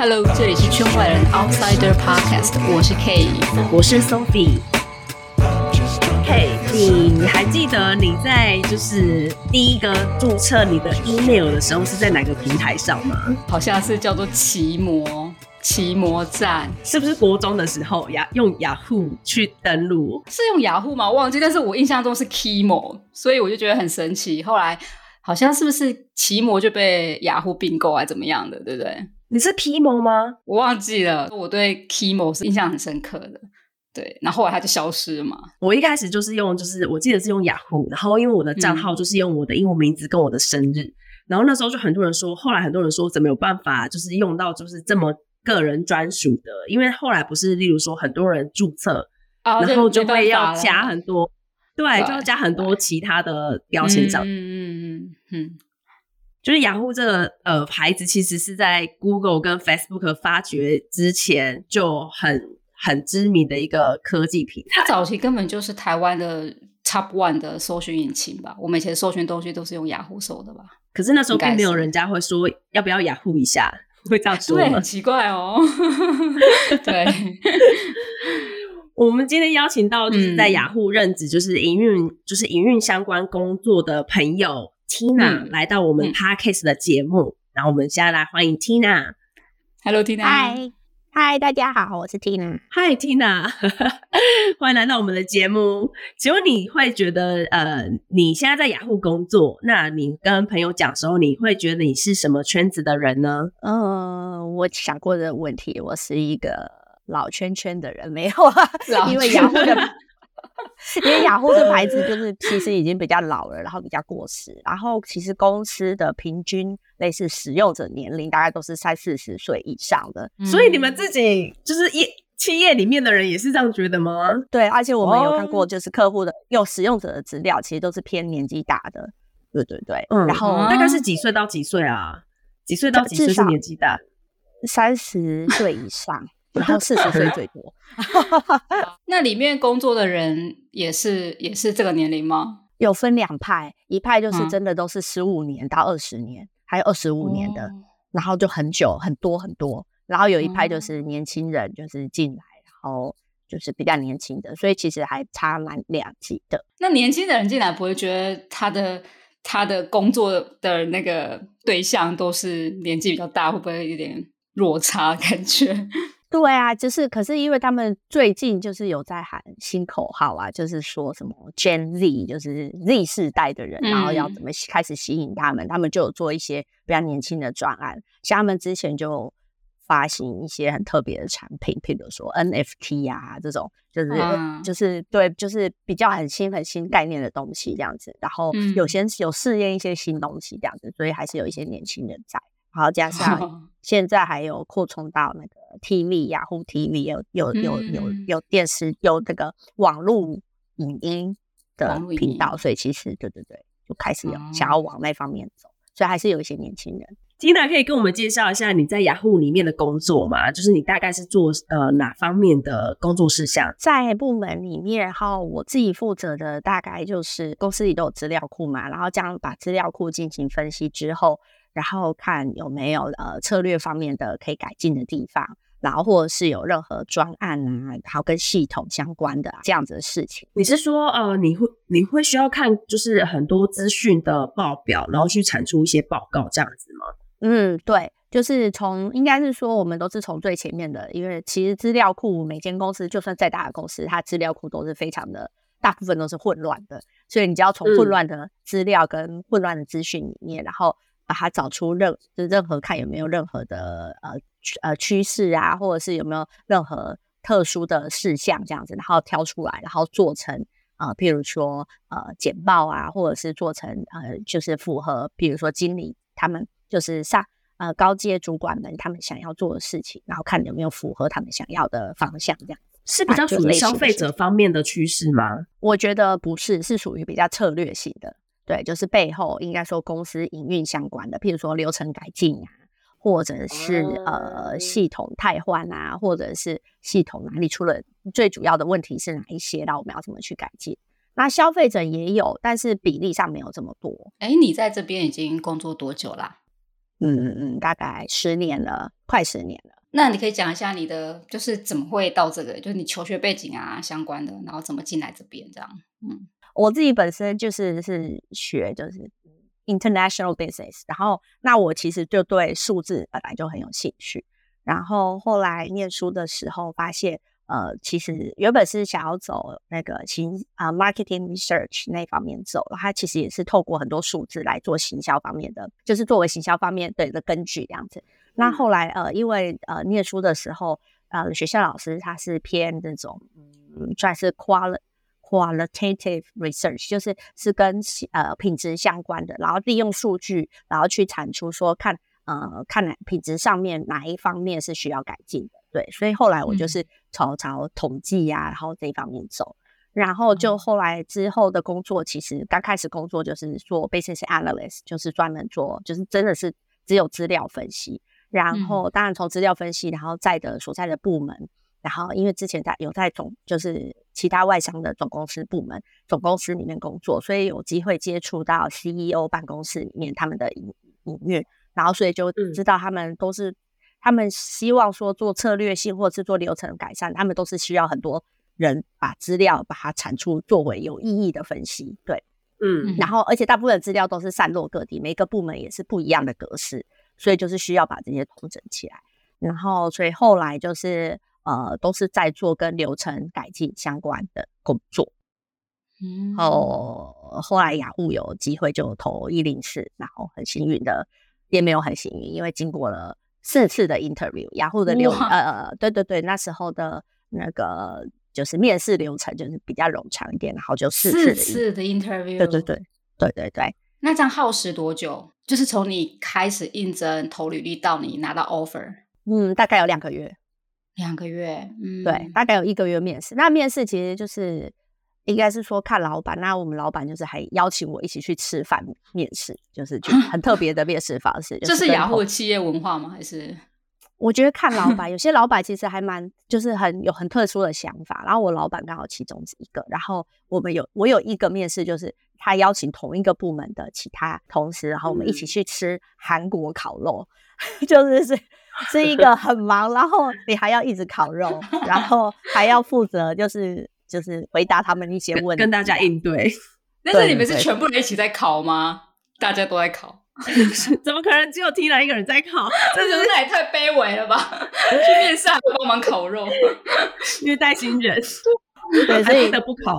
Hello，這裡是圈外人 Outsider Podcast，我是 K，我是 Sophie。Hey，你還記得你在就是第一個註冊你的 email 的時候是在哪個平台上嗎？好像是叫做奇摩，奇摩站，是不是國中的時候呀用 Yahoo 去登錄？是用 Yahoo 嗎？我忘記，但是我印象中是 Kimo。所以我就覺得很神奇。後來好像是不是奇摩就被 Yahoo 併購啊，怎麼樣的，對不對？你是奇摩嗎？我忘記了，我對奇摩是印象很深刻的。對，然後後來它就消失了嘛。我一開始就是用，就是我記得是用 Yahoo，然後因為我的賬號就是用我的英文名字跟我的生日、嗯，然後那時候就很多人說，後來很多人說怎麼有辦法就是用到就是這麼個人專屬的？因為後來不是，例如說很多人註冊，啊、然後就會要加很多、啊，對，就要加很多其他的標籤上，嗯嗯嗯嗯。嗯嗯就是雅虎這個呃牌子，其實是在 Google 跟 Facebook 發掘之前就很很知名的一個科技品牌。它早期根本就是台灣的 Top One 的搜尋引擎吧。我們以前搜尋東西都是用雅虎搜的吧。可是那時候並沒有人家會說要不要雅虎一下，會這樣說。對，很奇怪哦。 對， 我們今天邀請到是 Yahoo 就是在雅虎任職，就是營運，就是營運相關工作的朋友。Tina 來到我們 Podcast 的節目，嗯、然後我們接下來歡迎 Tina。Hello，Tina。Hi。Hi，Hi，大家好，我是 Tina。Hi，Tina， 歡迎來到我們的節目。請問你會覺得呃，你現在在雅虎工作，那你跟朋友講的時候，你會覺得你是什麼圈子的人呢？嗯、呃，我想過這個問題，我是一個老圈圈的人，沒有、啊，老圈因為雅虎。 因為雅虎這牌子，就是其實已經比較老了， 然後比較過時，然後其實公司的平均類似使用者年齡大概都是三四十歲以上的。所以你們自己就是業企業裡面的人也是這樣覺得嗎？對，而且我們有看過，就是客戶的用使用者的資料，其實都是偏年紀大的。對對對，嗯、然後、嗯、大概是幾歲到幾歲啊？幾歲到幾歲是年紀大？三十歲以上。 然後四十歲最多 。那裡面工作的人也是也是這個年齡嗎？有分兩派，一派就是真的都是十五年到二十年、嗯，還有二十五年的、哦，然後就很久很多很多。然後有一派就是年輕人，就是進來、嗯，然後就是比較年輕的，所以其實還差蠻兩級的。那年輕的人進來不會覺得他的他的工作的那個對象都是年紀比較大，會不會有點落差感覺？對啊，就是可是因為他們最近就是有在喊新口號啊，就是說什麼 Gen Z，就是 Z 世代的人，然後要怎麼開始吸引他們，他們就有做一些比較年輕的專案，像他們之前就發行一些很特別的產品，譬如說 NFT 啊這種，就是、嗯、就是對，就是比較很新很新概念的東西這樣子，然後有些有試驗一些新東西這樣子，所以還是有一些年輕人在。然後加上現在還有擴充到那個 TV、oh.、Yahoo TV，有有有有有電視有這個網絡影音的頻道、嗯，所以其實對對對，就開始有想要往那方面走，oh. 所以還是有一些年輕人。Tina 可以跟我們介紹一下你在 Yahoo 裡面的工作嗎？就是你大概是做呃哪方面的工作事項？在部門裡面，然後我自己負責的大概就是公司裡都有資料庫嘛，然後這樣把資料庫進行分析之後。然後看有沒有呃策略方面的可以改進的地方，然後或者是有任何專案啊，然後跟系統相關的、啊、這樣子的事情。你是說呃，你會你會需要看就是很多資訊的報表，然後去產出一些報告這樣子嗎？嗯，對，就是從應該是說我們都是從最前面的，因為其實資料庫每間公司就算再大的公司，它資料庫都是非常的大部分都是混亂的，所以你就要從混亂的資料跟混亂的資訊裡面，然後。把、啊、它找出任就任何看有沒有任何的呃呃趨勢啊，或者是有沒有任何特殊的事項這樣子，然後挑出來，然後做成啊、呃，譬如說呃簡報啊，或者是做成呃就是符合，比如說經理他們就是上呃高階主管們他們想要做的事情，然後看有沒有符合他們想要的方向，這樣。是比較屬於消費者方面的趨勢嗎？我覺得不是，是屬於比較策略性的。對，就是背後應該說公司營運相關的，譬如說流程改進啊，或者是呃系統汰換啊，或者是系統哪裡出了最主要的問題是哪一些，然後我們要怎麼去改進？那消費者也有，但是比例上沒有這麼多。哎，你在這邊已經工作多久啦啊？嗯嗯嗯，大概十年了，快十年了。那你可以講一下你的就是怎麼會到這個，就是你求學背景啊相關的，然後怎麼進來這邊這樣。嗯。我自己本身就是是學就是 international business，然後那我其實就對數字本來就很有興趣，然後後來念書的時候發現，呃，其實原本是想要走那個行啊 marketing research 那一方面走，它其實也是透過很多數字來做行銷方面的，就是作為行銷方面的一個根據這樣子。那後來呃，因為呃念書的時候，呃學校老師他是偏這種嗯，算是誇了。Qualitative research 就是是跟呃品質相關的，然後利用數據，然後去產出說看呃看來品質上面哪一方面是需要改進。對，所以後來我就是從從、嗯、統計呀、啊，然後這一方面走。然後就後來之後的工作，其實剛、嗯、開始工作就是做 business analyst，就是專門做就是真的是只有資料分析。然後當然從資料分析，然後在的所在的部門。然後，因為之前在有在總就是其他外商的總公司部門、總公司裡面工作，所以有機會接觸到 CEO 辦公室裡面他們的影影院，然後所以就知道他們都是、嗯、他們希望說做策略性或是做流程改善，他們都是需要很多人把資料把它產出作為有意義的分析。對，嗯，然後而且大部分資料都是散落各地，每個部門也是不一樣的格式，所以就是需要把這些統整起來。然後，所以後來就是。呃，都是在做跟流程改進相關的工作。嗯，然後後來雅虎有機會就投一零四，然後很幸運的，也沒有很幸運，因為經過了四次的 interview。雅虎的流呃，對對對，那時候的那個就是面試流程就是比較冗長一點，然後就四次，四次的 interview。對對對，對對對。那這樣耗時多久？就是從你開始應徵投履歷到你拿到 offer，嗯，大概有兩個月。兩個月、嗯，對，大概有一個月面試。那面試其實就是，應該是說看老板。那我們老板就是還邀請我一起去吃飯面試，就是就很特別的面試方式、嗯就是。這是雅虎企業文化嗎？還是我覺得看老板， 有些老板其實還蠻就是很有很特殊的想法。然後我老板剛好其中一個。然後我們有我有一個面試，就是他邀請同一個部門的其他同事，然後我們一起去吃韓國烤肉，嗯、 就是是。是一個很忙，然後你還要一直烤肉， 然後還要負責就是就是回答他們一些問題跟，跟大家應對。 但是你們是全部人一起在烤嗎？大家都在烤？ 怎麼可能只有 Tina T1 一個人在烤？ 這就是太卑微了吧？去面試還幫忙烤肉，因為帶新人。 對，所以他不烤。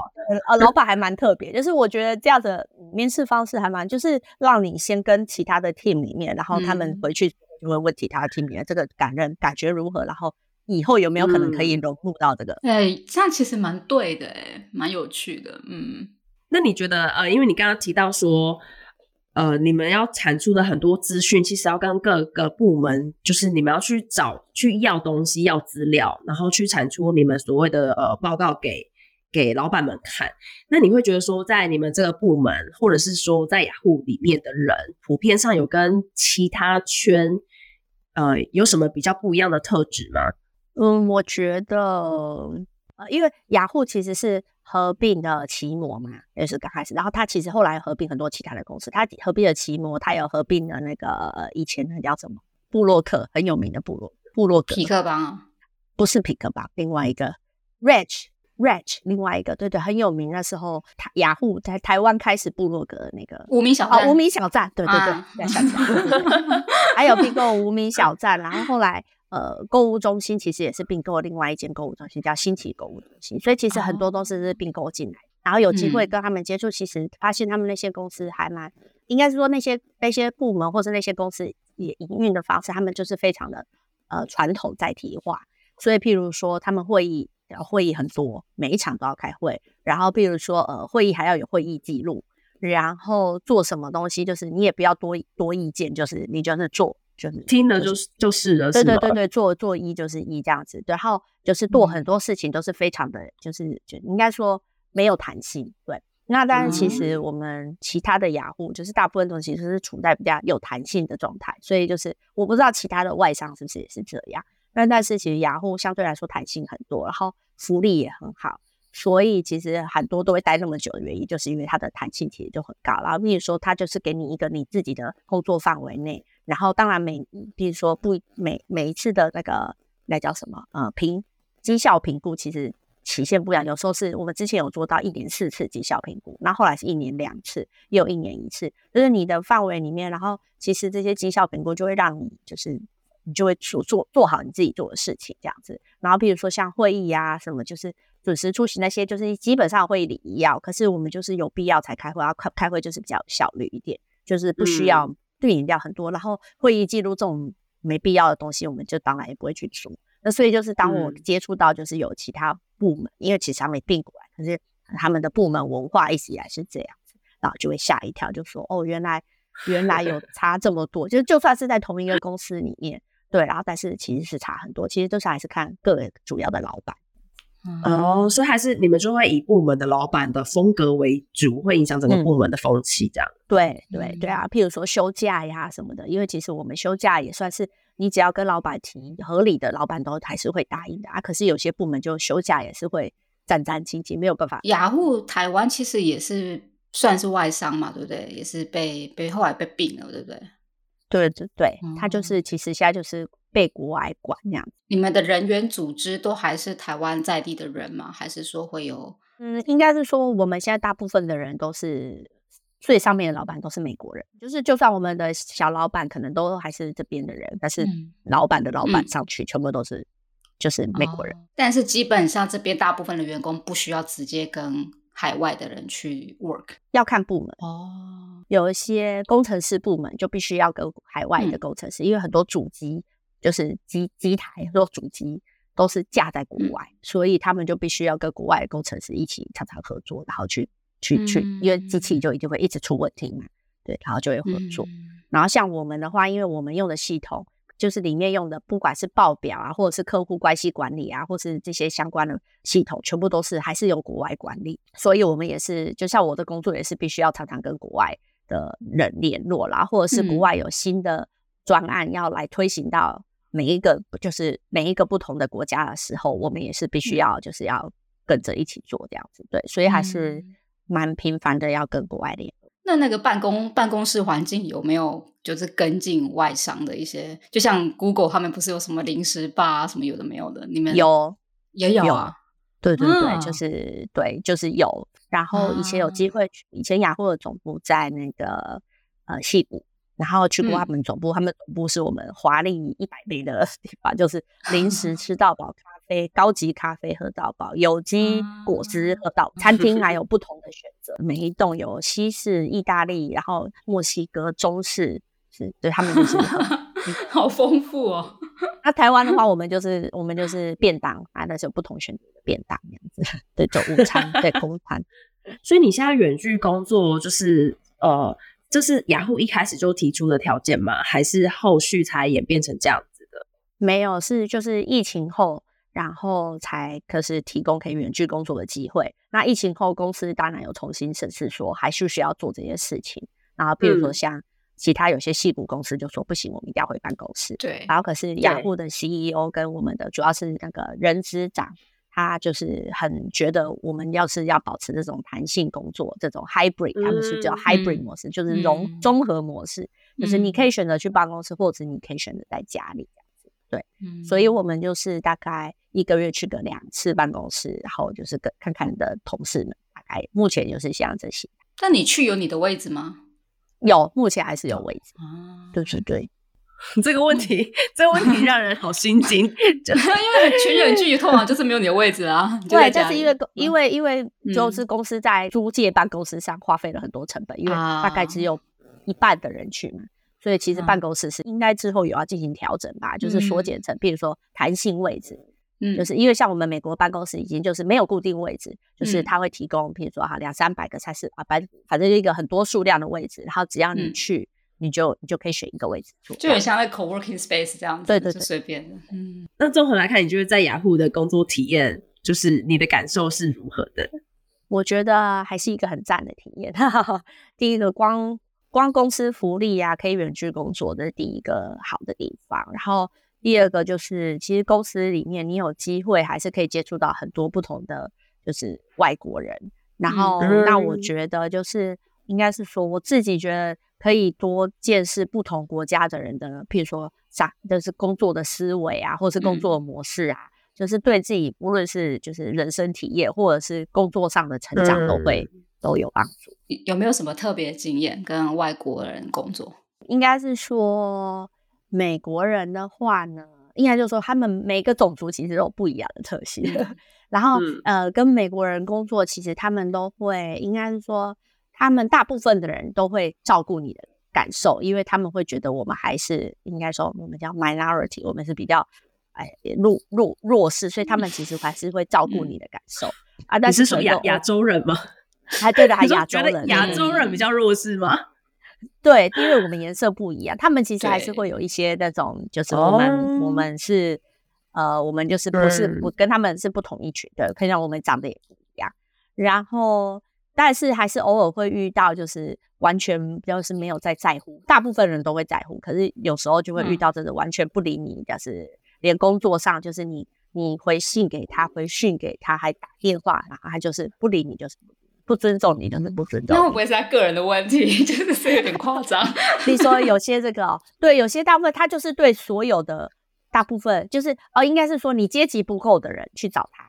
呃， 老闆還蠻特別，就是我覺得這樣的面試方式還蠻，就是讓你先跟其他的 team 裡面，然後他們回去、嗯。就會問題，他要聽明白這個感人感覺如何，然後以後有沒有可能可以融入到這個？哎、嗯，這樣其實蠻對的，哎，蠻有趣的。嗯，那你覺得呃，因為你剛剛提到說，呃，你們要產出的很多資訊，其實要跟各個部門，就是你們要去找去要東西、要資料，然後去產出你們所謂的呃報告給給老闆們看。那你會覺得說，在你們這個部門，或者是說在雅虎裡面的人，普遍上有跟其他圈？呃，有什麼比較不一樣的特質嗎？嗯，我覺得，呃，因為雅虎其實是合併的奇摩嘛，也、就是剛開始，然後它其實後來合併很多其他的公司，它合併了奇摩，它有合併了那個、呃、以前那叫什麼部落客很有名的部落，部落格痞客邦啊，不是痞客邦，另外一個 Reg。Rich Rach，另外一個對對很有名那時候，台雅虎在台灣開始部落格的那個無名小號，無、哦、名小站，對對對，再想起還有併購無名小站，啊、然後後來呃購物中心其實也是併購另外一間購物中心叫新奇購物中心，所以其實很多都是併購進來、哦，然後有機會跟他們接觸，其實發現他們那些公司還蠻、嗯，應該是說那些那些部門或者那些公司也營運的方式，他們就是非常的呃傳統在體化，所以譬如說他們會以。然後會議很多，每一場都要開會。然後比如說，呃，會議還要有會議記錄。然後做什麼東西，就是你也不要多多意見，就是你就是做，就是聽了，就是就是的。對對對對，做做一就是一這樣子。然後就是做很多事情都是非常的、嗯、就是，應該說沒有彈性。對，那但是其實我們其他的雅虎，就是大部分東西就是處在比較有彈性的狀態。所以就是我不知道其他的外商是不是也是這樣。那但，但是其實雅虎相對來說彈性很多，然後福利也很好，所以其實很多都會待那麼久的原因，就是因為它的彈性其實就很高了。然後比如說，它就是給你一個你自己的工作範圍內，然後當然每比如說不每每一次的那個那叫什麼呃，評績效評估，其實期限不一樣，有時候是我們之前有做到一年四次績效評估，然後後來是一年兩次，又一年一次，就是你的範圍裡面，然後其實這些績效評估就會讓你就是。你就會做做做好你自己做的事情，這樣子。然後比如說像會議呀、啊、什麼，就是準時出席那些，就是基本上會議禮儀要。可是我們就是有必要才開會啊，開開會就是比較效率一點，就是不需要對飲掉很多。然後會議記錄這種沒必要的東西，我們就當然也不會去說。那所以就是當我接觸到就是有其他部門，嗯、因為其實還沒併過來，可是他們的部門文化一直以來是這樣子，然後就會嚇一跳，就說哦，原來原來有差這麼多， 就就算是在同一個公司裡面。對，然後但是其實是差很多，其實都是還是看各個主要的老闆、嗯。哦，所以還是你們就會以部門的老闆的風格為主，會影響整個部門的風氣這樣。嗯、對對對啊，譬如說休假呀什麼的，因為其實我們休假也算是，你只要跟老闆提合理的，老闆都還是會答應的啊。可是有些部門就休假也是會戰戰兢兢，沒有辦法。雅虎台灣其實也是算是外商嘛，對不對？也是被被後來被併了，對不對？對，對，對，對、哦、他就是，其實現在就是被國外管這樣。你們的人員組織都還是台灣在地的人嗎？還是說會有？嗯，應該是說我們現在大部分的人都是最上面的老板都是美國人，就是就算我們的小老板可能都還是這邊的人，但是老板的老板上去全部都是就是美國人。嗯嗯哦、但是基本上這邊大部分的員工不需要直接跟。海外的人去 work 要看部門哦，oh. 有一些工程師部門就必須要跟海外的工程師，嗯、因為很多主機就是機機台，很多主機都是架在國外，嗯、所以他們就必須要跟國外的工程師一起常常合作，然後去去去，因為機器就一定會一直出問題嘛，對，然後就會合作。嗯、然後像我們的話，因為我們用的系統。就是裡面用的，不管是報表啊，或者是客戶關係管理啊，或是這些相關的系統，全部都是還是由國外管理。所以，我們也是，就像我的工作也是，必須要常常跟國外的人聯絡啦，或者是國外有新的專案要來推行到每一個，就是每一個不同的國家的時候，我們也是必須要就是要跟着一起做這樣子。對，所以還是蠻頻繁的要跟國外聯絡。那那個辦公辦公室環境有沒有就是跟進外商的一些，就像 Google 他們不是有什麼零食吧，什麼有的沒有的？你們有也有啊有？對對對，啊、就是對，就是有。然後以前有機會、啊，以前雅虎的總部在那個呃西部，然後去過他們總部，嗯、他們總部是我們華麗一百倍的地方，就是零食吃到飽。啊誒，高級咖啡喝到飽，有機果汁喝到飽、嗯，餐廳還有不同的選擇，是是是每一棟有西式、意大利，然後墨西哥、中式，是對他們這些、 嗯、好豐富哦。那、啊、台灣的話，我們就是我們就是便當，啊，但是有不同選擇的便當這樣子， 對，就午餐對空餐。所以你現在遠距工作就是呃，這、就是雅虎一開始就提出的條件嗎？還是後續才演變成這樣子的？沒有，是就是疫情後。然後才可是提供可以遠距工作的機會。那疫情後，公司當然有重新審視，說還需不需要做這些事情。然後譬如說像其他有些矽谷公司就說不行，我們一定要回辦公室。對。然後可是雅虎的 CEO 跟我們的主要是那個人資長，他就是很覺得我們要是要保持這種彈性工作，這種 hybrid，、嗯、他們是叫 hybrid 模式，嗯、就是融綜合模式、嗯，就是你可以選擇去辦公室，或者你可以選擇在家裡。對、嗯，所以我們就是大概一個月去個兩次辦公室，然後就是跟看看你的同事們。大概目前就是像這些。那你去有你的位置嗎？有，目前還是有位置啊。對對對，這個問題、嗯，這問題讓人好心驚，嗯、 因為全人去，通常啊，就是沒有你的位置啊。 對，就是因為、嗯、因為因為就是公司在租借辦公室上花費了很多成本、嗯，因為大概只有一半的人去嘛。所以其實辦公室是應該之後也要進行調整吧，嗯、就是縮減成，比如說彈性位置，嗯，就是因為像我們美國辦公室已經就是沒有固定位置，嗯、就是他會提供，比如說哈兩三百個才是啊，反反正一個很多數量的位置，然後只要你去，嗯、你就你就可以選一個位置坐，就很像那 coworking space 這樣子，對對對，隨便的，嗯。那綜合來看，你覺得在雅虎的工作體驗就是你的感受是如何的？我覺得還是一個很讚的體驗，第一個光。光公司福利呀、啊，可以遠距工作，這是第一個好的地方。然後第二個就是，其實公司裡面你有機會還是可以接觸到很多不同的，就是外國人。然後、嗯、那我覺得就是應該是說，我自己覺得可以多見識不同國家的人的，譬如說像就是工作的思維啊，或是工作的模式啊、嗯，就是對自己無論是就是人生體驗或者是工作上的成長都會。都有幫助。有沒有什麼特別經驗跟外國人工作？應該是說美國人的話呢，應該就是說他們每個種族其實都有不一樣的特性。 然後、嗯、呃，跟美國人工作，其實他們都會，應該是說他們大部分的人都會照顧你的感受，因為他們會覺得我們還是應該說我們叫 minority，我們是比較哎、欸、弱弱弱勢，所以他們其實還是會照顧你的感受、嗯、啊。你是說亞亞洲人嗎？還對的，還亞洲人。亞洲人比較弱勢嗎？嗯，對，因為我們顏色不一樣，他們其實還是會有一些那種，就是我們我們是呃，我們就是不是不跟他們是不同一群的，可以讓我們長得也不一樣。然後，但是還是偶爾會遇到，就是完全就是沒有在在乎。大部分人都會在乎，可是有時候就會遇到真的完全不理你，嗯。就是連工作上就是你你回信給他，回訊給他，還打電話，然後他就是不理你，就是。不尊重你，那能不尊重、嗯。那不會是他個人的問題， 就是是有點誇張。你說有些這個， 對，有些大部分他就是對所有的大部分，就是哦，應該是說你階級不夠的人去找他，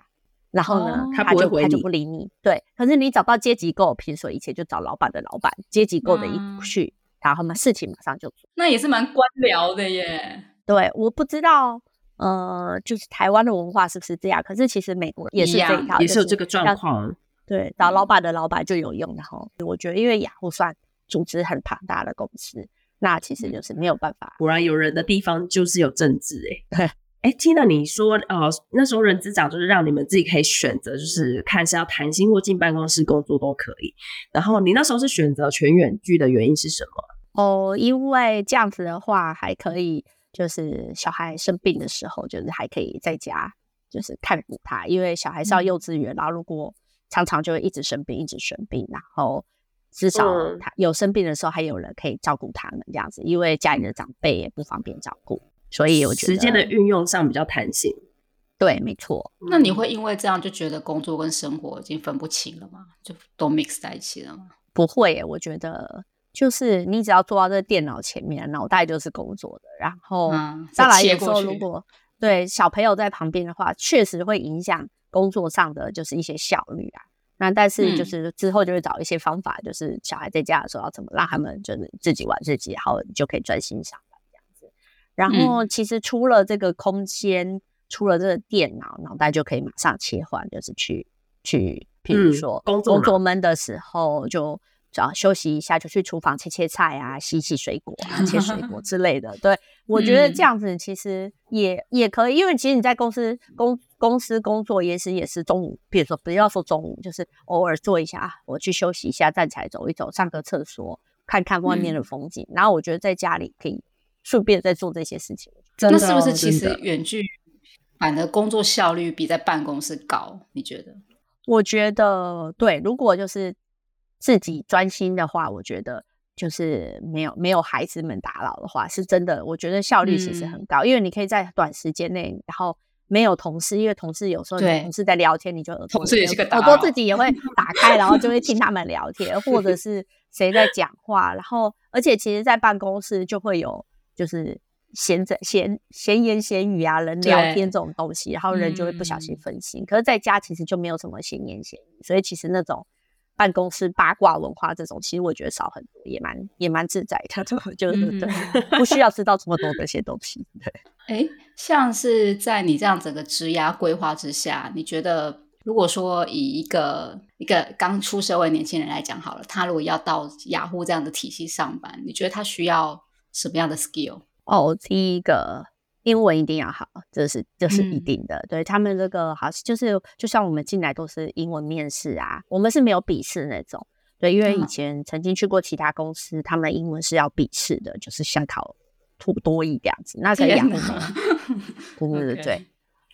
然後呢，哦、他就他，不會回，他就不理你。對，可是你找到階級夠，平說一切就找老闆的老闆，階級夠的，一、嗯、去，然後嘛，事情馬上就做。那也是蠻官僚的耶。對，我不知道，呃，就是台灣的文化是不是這樣？可是其實美國也是這、就是、樣，也是有這個狀況。對，找老板的老板就有用的哈。然後我覺得，因為雅虎算組織很龐大的公司，那其實就是沒有辦法。果然有人的地方就是有政治哎、欸。哎、 欸，聽到你說，呃，那時候人資長就是讓你們自己可以選擇，就是看是要談薪或進辦公室工作都可以。然後你那時候是選擇全遠距的原因是什麼？哦，因為這樣子的話還可以，就是小孩生病的時候，就是還可以在家就是看護他，因為小孩是要幼稚園、嗯，然後如果常常就會一直生病，一直生病，然後至少、啊嗯、他有生病的時候，還有人可以照顧他們這樣子，因為家裡的長輩也不方便照顧，所以我覺得時間的運用上比較彈性。對，沒錯、嗯。那你會因為這樣就覺得工作跟生活已經分不清了嗎？就都 mix 在一起了嗎？不會、欸，我覺得就是你只要坐到這電腦前面，腦袋就是工作的。然後、嗯、再來，你說如果對小朋友在旁邊的話，確實會影響。工作上的就是一些效率啊，那但是就是之後就會找一些方法、嗯，就是小孩在家的時候要怎麼讓他們就是自己玩自己，然後你就可以專心上班這樣子。然後其實除了這個空間，嗯、除了這個電腦，腦袋就可以馬上切換，就是去去，譬如說工作工作悶的時候，就只要休息一下，就去廚房切切菜啊，洗洗水果啊，切水果之類的。 對，我覺得這樣子其實也也可以，因為其實你在公司工。公司工作，也是也是中午，比如說不要說中午，就是偶爾做一下，我去休息一下，站起來走一走，上個廁所，看看外面的風景。嗯、然後我覺得在家裡可以順便再做這些事情。那是不是其實遠距版的工作效率比在辦公室高？你覺得？我覺得對，如果就是自己專心的話，我覺得就是沒有沒有孩子們打擾的話，是真的，我覺得效率其實很高，嗯、因為你可以在短時間內，然後。沒有同事，因為同事有時候你同事在聊天，你就同事也是個打好多自己也會打開， 然後就會聽他們聊天， 或者是誰在講話，然後而且其實，在辦公室就會有就是閒着閒閒，閒言閒語啊，人聊天這種東西，然後人就會不小心分心、嗯。可是在家其實就沒有什麼閒言閒語，所以其實那種辦公室八卦文化這種，其實我覺得少很多，也蠻也蠻，也蠻自在的，就就、嗯、對，不需要知道這麼多的一些東西， 對。哎，像是在你這樣整個職涯規劃之下，你覺得如果說以一個一個剛出社會的年輕人來講，好了，他如果要到雅虎這樣的體系上班，你覺得他需要什麼樣的 skill？哦，第一個英文一定要好，這是這、就是一定的。嗯、對他們這個好像就是就像我們進來都是英文面試啊，我們是沒有筆試那種。對，因為以前曾經去過其他公司，嗯、他們的英文是要筆試的，就是像考。差不多一點樣子，那是、個、雅虎嗎？對對、 okay. 對，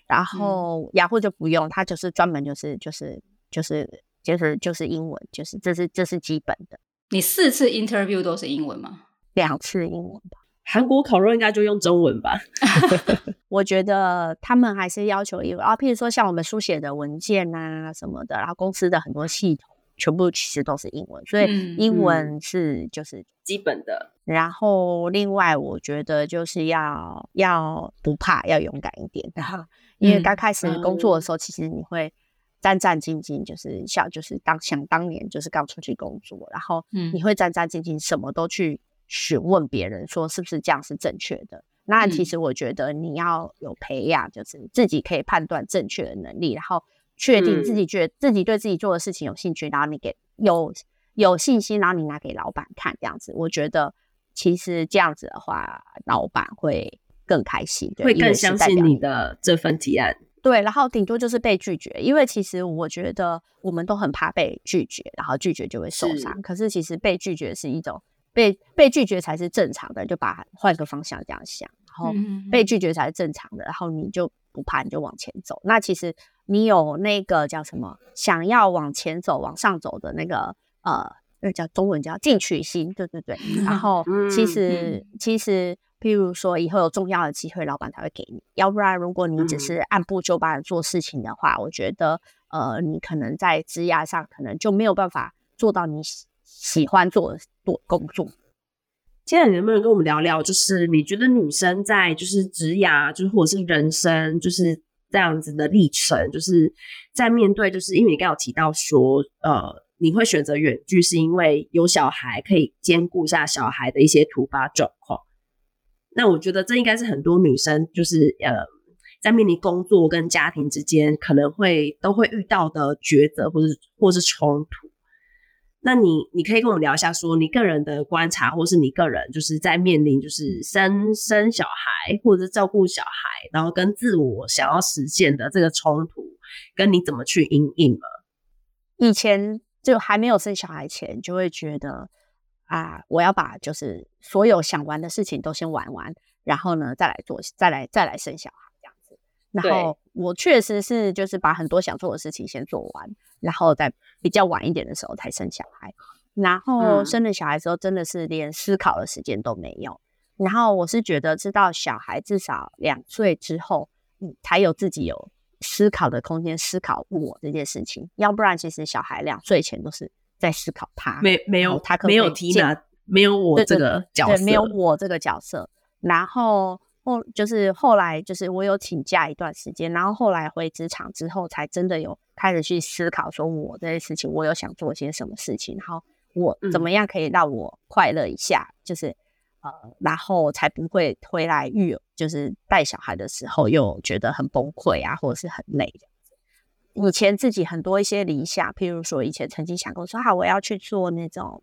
然後、嗯、雅虎就不用，它就是專門就是就是就是就是就是英文，就是這、就是這、就是基本的。你四次 interview 都是英文嗎？兩次英文吧。韓國烤肉應該就用中文吧？ 我覺得他們還是要求英文、啊。譬如說像我們書寫的文件啊什麼的，然後公司的很多系統。全部其實都是英文，所以英文是就是基本的。然後另外，我覺得就是要要不怕，要勇敢一點的。然後因為剛開始工作的時候，嗯、其實你會戰戰兢兢就，就是像就是當想當年就是剛出去工作，然後你會戰戰兢兢，什麼都去詢問別人，說是不是這樣是正確的。那其實我覺得你要有培養，就是自己可以判斷正確的能力，然後。確定自己覺自己對自己做的事情有興趣，然後你給有有信心，然後你拿給老板看這樣子，我覺得其實這樣子的話，老板會更開心，會更相信你的這份提案。對，然後頂多就是被拒絕，因為其實我覺得我們都很怕被拒絕，然後拒絕就會受傷。可是其實被拒絕是一種被被拒絕才是正常的，就把換個方向這樣想，然後被拒絕才是正常的，然後你就不怕，你就往前走。那其實。你有那個叫什麼？想要往前走、往上走的那個呃，那叫中文叫進取心，對對對。然後其實、嗯嗯、其實，譬如說以後有重要的機會，老闆他會給你。要不然，如果你只是按部就班的做事情的話，嗯、我覺得呃，你可能在職涯上可能就沒有辦法做到你喜歡做的工作。現在能不能跟我們聊聊？就是你覺得女生在就是職涯，就是或者是人生，就是。這樣子的歷程，就是在面對，就是因為你剛有提到說，呃，你會選擇遠距，是因為有小孩可以兼顧一下小孩的一些突發狀況。那我覺得這應該是很多女生，就是呃，在面臨工作跟家庭之間，可能會都會遇到的抉擇，或是或是衝突。那你你可以跟我聊一下，說你個人的觀察，或是你個人就是在面臨就是生生小孩，或者是照顧小孩，然後跟自我想要實現的這個衝突，跟你怎麼去應影因應了。以前就還沒有生小孩前，就會覺得啊，我要把就是所有想玩的事情都先玩完，然後呢再來做，再來再來生小孩。然後我確實是，就是把很多想做的事情先做完，然後在比較晚一點的時候才生小孩。然後生了小孩之後，真的是連思考的時間都沒有。然後我是覺得，知道小孩至少兩歲之後，才、嗯、有自己有思考的空間，思考我這件事情。要不然，其實小孩兩歲前都是在思考他，沒沒有他可可沒有提拿沒有我這個角色，對，沒有我這個角色。然後。後就是後來就是我有請假一段時間，然後後來回職場之後，才真的有開始去思考，說我這些事情，我有想做些什麼事情，然後我怎麼樣可以讓我快樂一下，嗯、就是呃，然後才不會回來育就是帶小孩的時候又覺得很崩潰啊，或者是很累這樣子。以前自己很多一些理想，譬如說以前曾經想過說，哈、啊、我要去做那種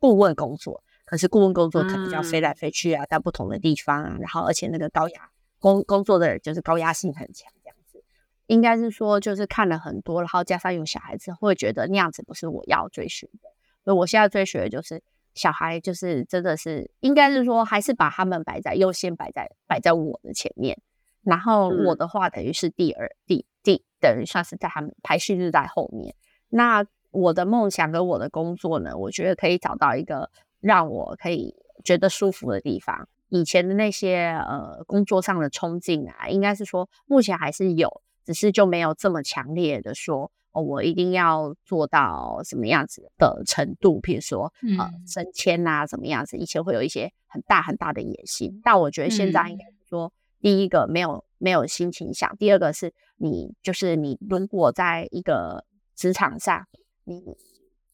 顧問工作。可是顧問工作可能要飛來飛去啊，在、嗯、不同的地方啊，然後而且那個高壓工工作的人就是高壓性很強這樣子，應該是說就是看了很多，然後加上有小孩子，會覺得那樣子不是我要追尋的。所以我現在追尋的就是小孩，就是真的是應該是說還是把他們擺在優先擺在擺在我的前面，然後我的話等於是第二第第、嗯、等於算是在他們排序是在後面。那我的夢想跟我的工作呢，我覺得可以找到一個。讓我可以覺得舒服的地方，以前的那些呃工作上的衝勁啊，應該是說目前還是有，只是就沒有這麼強烈的說、哦，我一定要做到什麼樣子的程度。譬如說呃升遷啊什麼樣子，以前會有一些很大很大的野心，但我覺得現在應該說、嗯，第一個沒有沒有心情想，第二個是你就是你如果在一個職場上，你。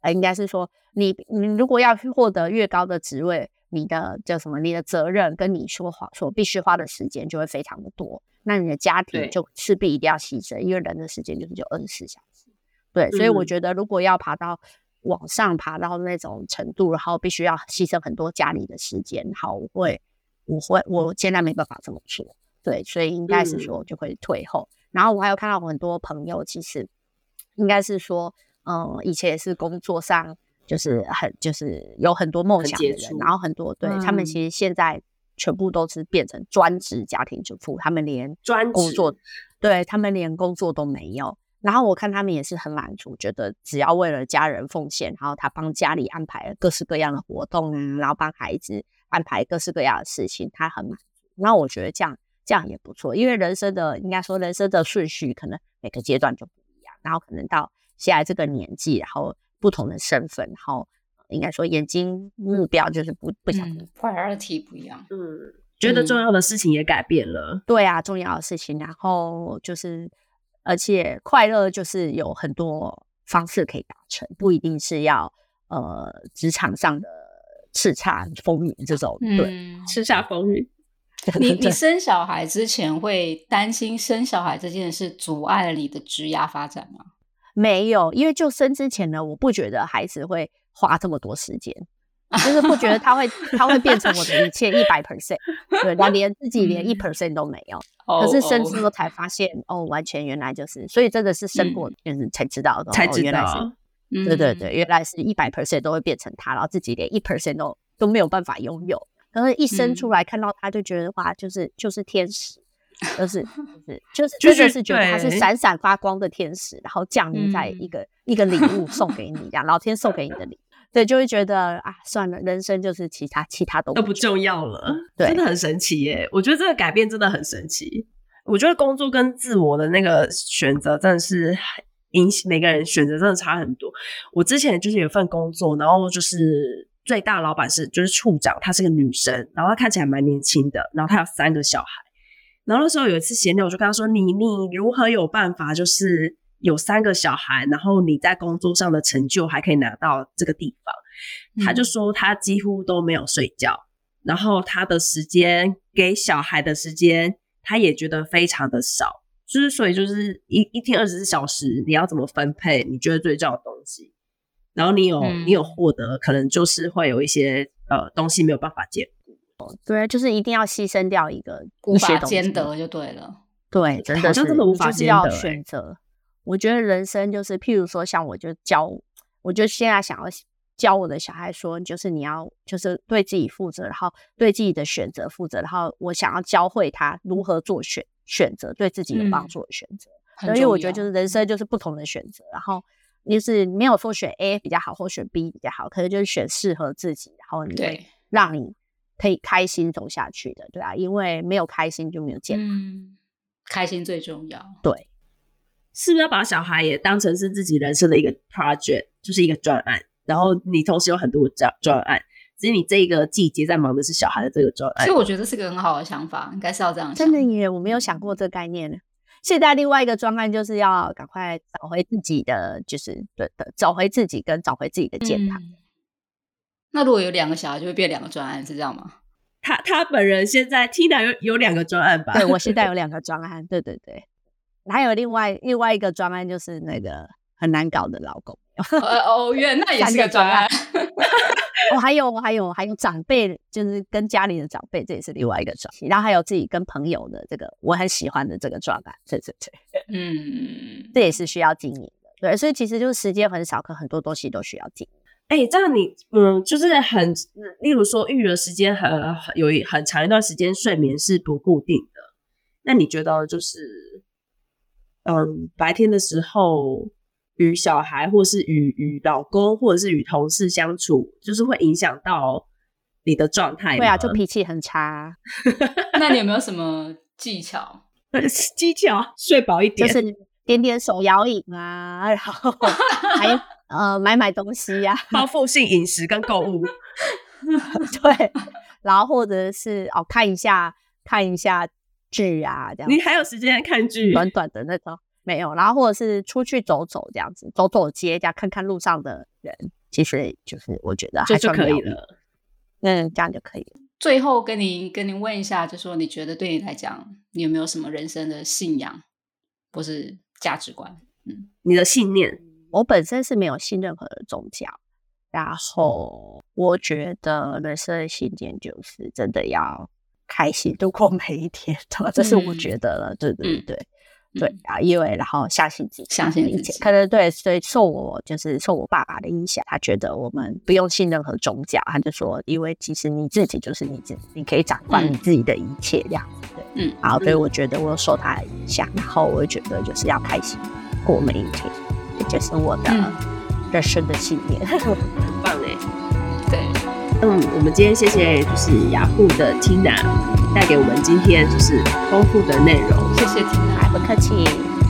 哎，應該是說你，你如果要獲得越高的職位，你的叫什麼？你的責任跟你說話所必須花的時間就會非常的多，那你的家庭就勢必一定要犧牲，因為人的時間就是就二十四小時。對，所以我覺得如果要爬到往上爬到那種程度，然後必須要犧牲很多家裡的時間，好，我會，我會，我現在沒辦法這麼做。對，所以應該是說就會退後。然後我還有看到很多朋友，其實應該是說。嗯，以前也是工作上，就是很、嗯、就是有很多夢想的人，然後很多對、嗯，他們其實現在全部都是變成專職家庭主婦，他們連專職工作，對，他們連工作都沒有。然後我看他們也是很滿足，覺得只要為了家人奉獻，然後他幫家裡安排各式各樣的活動，然後幫孩子安排各式各樣的事情，他很滿足。那我覺得這樣這樣也不錯，因為人生的應該說人生的順序可能每個階段就不一樣，然後可能到。現在這個年紀，然後不同的身份，然後應該說，眼睛目標就是不、嗯、不想 priority 不一樣，嗯，覺得重要的事情也改變了、嗯。對啊，重要的事情，然後就是，而且快樂就是有很多方式可以達成，不一定是要呃職場上的叱咤風雲這種。嗯，對叱咤風雲。 你你生小孩之前會擔心生小孩這件事阻礙了你的職業發展嗎？沒有，因為就生之前呢，我不覺得孩子會花這麼多時間， 就是不覺得他會，他會變成我的一切一百 percent，對，他連自己連一 percent 都沒有、嗯。可是生之後才發現哦哦，哦，完全原來就是，所以真的是生過、嗯、就是才知道的、哦，才知道、哦原來是嗯，對對對，原來是一百 percent 都會變成他，然後自己連一 percent 都都沒有辦法擁有。可是一生出來、嗯、看到他就覺得哇，就是就是天使。就是，是，就是，就是覺得他是閃閃發光的天使，就是、然後降臨在一個、嗯、一個禮物送給你這樣， 老天送給你的禮物，對，就會覺得啊，算了，人生就是其他其他都不都不重要了，對，真的很神奇耶、欸，我覺得這個改變真的很神奇。我覺得工作跟自我的那個選擇真的是，影每個人選擇真的差很多。我之前就是有一份工作，然後就是最大老板是就是處長，她是個女生，然後她看起來蠻年輕的，然後她有三個小孩。然後那時候有一次閒聊，我就跟他說你：“你你如何有辦法，就是有三個小孩，然後你在工作上的成就還可以拿到這個地方？”嗯、他就說：“他幾乎都沒有睡覺，然後他的時間給小孩的時間，他也覺得非常的少。之所以就是一一天二十四小時，你要怎麼分配？你覺得最重要的東西，然後你有、嗯、你有獲得，可能就是會有一些呃東西沒有辦法兼顧。”對，就是一定要犧牲掉一個無，無法兼得就對了。對，好像真的無法、欸、就是要選擇。我覺得人生就是，譬如說，像我就教，我就現在想要教我的小孩說，就是你要就是對自己負責，然後對自己的選擇負責，然後我想要教會他如何做選選擇，對自己的幫助的選擇。所、嗯、以我覺得就是人生就是不同的選擇，然後你是沒有說選 A 比較好或選 B 比較好，可能就是選適合自己，然後對讓你。可以開心走下去的，對吧、啊？因為沒有開心就沒有健康，嗯，開心最重要。對，是不是要把小孩也當成是自己人生的一個 project，就是一個專案？然後你同時有很多專專案，所以你這一個季節在忙的是小孩的這個專案。所以我覺得這是個很好的想法，應該是要這樣。真的耶，我沒有想過這個概念。現在另外一個專案就是要趕快找回自己的，就是對的，找回自己跟找回自己的健康。嗯那如果有兩個小孩，就會變兩個專案，是這樣嗎？他他本人現在 Tina 有有兩個專案吧？對，我現在有兩個專案對對對，對對對，還有另外另外一個專案，就是那個很難搞的老公，哦，原、 哦，那也是個專案。我、 哦、還有我還有還有長輩，就是跟家裡的長輩，這也是另外一個專案、嗯。然後還有自己跟朋友的這個我很喜歡的這個專案，對對對，嗯，這也是需要經營的，對，所以其實就是時間很少，可很多東西都需要經營。哎、欸，這樣你嗯，就是很，例如說育兒時間很有很，很長一段時間睡眠是不固定的，那你覺得就是，嗯，白天的時候與小孩，或是與與老公，或者是與同事相處，就是會影響到你的狀態？對啊，就脾氣很差。 那你有沒有什麼技巧？ 技巧睡飽一點，就是點點手搖飲啊，然後還。 哎呃，買買東西呀、啊，報復性飲食跟購物， 對，然後或者是哦，看一下看一下劇啊，這樣你還有時間看劇，短短的那種沒有，然後或者是出去走走這樣子，走走街，這樣看看路上的人，其實就是我覺得就就可以了，嗯，這樣就可以了。最後跟你跟你問一下，就是說你覺得對你來講，你有沒有什麼人生的信仰或是價值觀？嗯，你的信念。我本身是沒有信任何的宗教，然後我覺得人生的信念就是真的要開心度過每一天的，這是我覺得了，嗯、對對對、嗯、對啊，嗯、因為然後相信自己，相信一切，可能對，所以受我就是受我爸爸的影響，他覺得我們不用信任何宗教，他就說，因為其實你自己就是你自，己，你可以掌控你自己的一切，嗯、這樣子對，嗯，啊，所以我覺得我受他的影響，然後我會覺得就是要開心過每一天。這就是我的人生的信念。嗯， 很棒誒、欸，對，那、嗯、麼我們今天謝謝就是雅虎的 Tina 帶給我們今天就是豐富的內容，謝謝 Tina，不客氣。謝謝